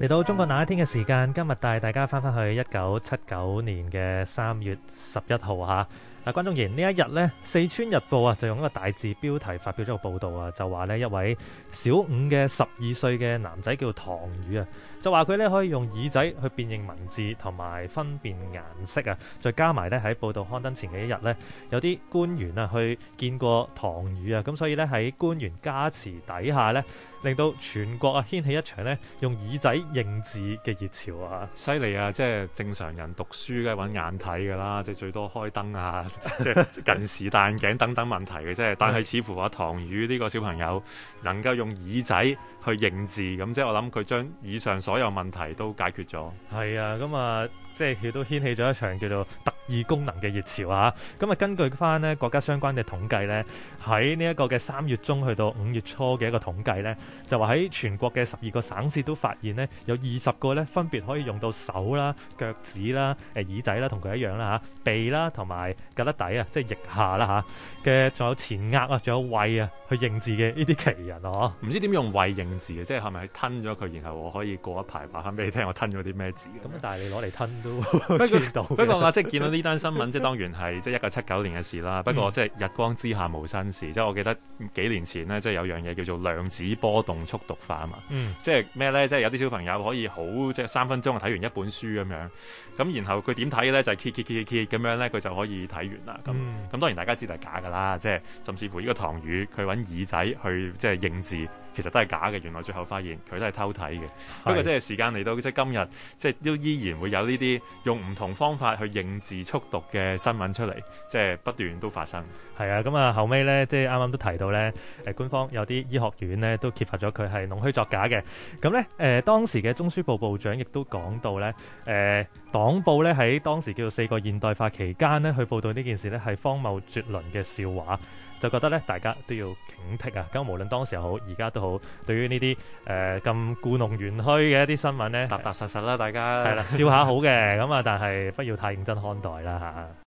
嚟到中國那一天嘅時間，今日帶大家翻返去一九七九年嘅三月十一號嚇。啊，關中賢呢一日呢，《四川日報》啊就用一個大字標題發表咗個報導啊，就話呢一位小五嘅十二歲嘅男仔叫唐宇啊，就話佢呢可以用耳仔去辨認文字同埋分辨顏色啊，再加埋呢，喺報導刊登前幾日呢，有啲官員啊去見過唐宇啊，咁所以呢，喺官員加持底下呢，令到全國啊掀起一場呢用耳仔認字嘅熱潮啊！犀利啊，即係正常人讀書梗係揾眼睇㗎啦，即係最多開燈啊～即係近視、戴眼鏡等等問題嘅啫、mm，但、hmm. 係似乎話、啊、唐宇呢個小朋友能夠用耳仔去認字，咁即係我諗佢將以上所有問題都解決咗。係 啊，咁啊，即係亦都掀起咗一場叫做特異功能嘅熱潮啊！咁啊，根據翻呢國家相關嘅統計呢，喺呢一個嘅三月中去到五月初嘅一個統計呢，就話喺全國嘅十二個省市都發現呢，有二十個呢分別可以用到手啦、腳趾啦、誒、呃、耳仔啦同佢一樣啦嚇、鼻啦同埋底啊，即係腋下啦嚇嘅，仲有前額啊，仲有胃啊，去認字嘅呢啲奇人哦，唔、啊、知點用胃認字嘅，即係係咪吞咗佢，然後我可以過一排話翻俾你聽，我吞咗啲咩字？咁但係你攞嚟吞都唔到。 不過即係見到呢單新聞，即係當然係即係一九七九年嘅事啦。不過即係日光之下無新事，嗯、即係我記得幾年前呢，即係有樣嘢叫做量子波動速讀法啊嘛。即係咩咧？即係有啲小朋友可以好即係三分鐘啊睇完一本書咁樣，咁然後佢點睇嘅咧就係唊唊唊唊唊咁樣咧，佢就可以睇。啦，咁咁、嗯、當然大家知道係假噶啦，即係甚至乎呢個唐雨，佢搵耳仔去即係認字。其實都係假嘅，原來最後發現佢都係偷睇嘅。不過即係時間嚟到，啊、即係今日，即係都依然會有呢啲用唔同方法去認字速讀嘅新聞出嚟，即係不斷都發生。係啊，咁啊後尾呢，即係啱啱都提到呢，誒、呃、官方有啲醫學院呢都揭發咗佢係弄虛作假嘅。咁呢，誒、呃、當時嘅中書部部長亦都講到呢，誒、呃、黨報呢喺當時叫做四個現代化期間呢，去報導呢件事呢，係荒謬絕倫嘅笑話。就覺得咧，大家都要警惕啊！咁無論當時又好，而家都好，對於呢啲誒咁故弄玄虛嘅一啲新聞咧，踏踏實實啦，大家係啦，笑下好嘅，咁啊，但係不要太認真看待啦、啊、嚇。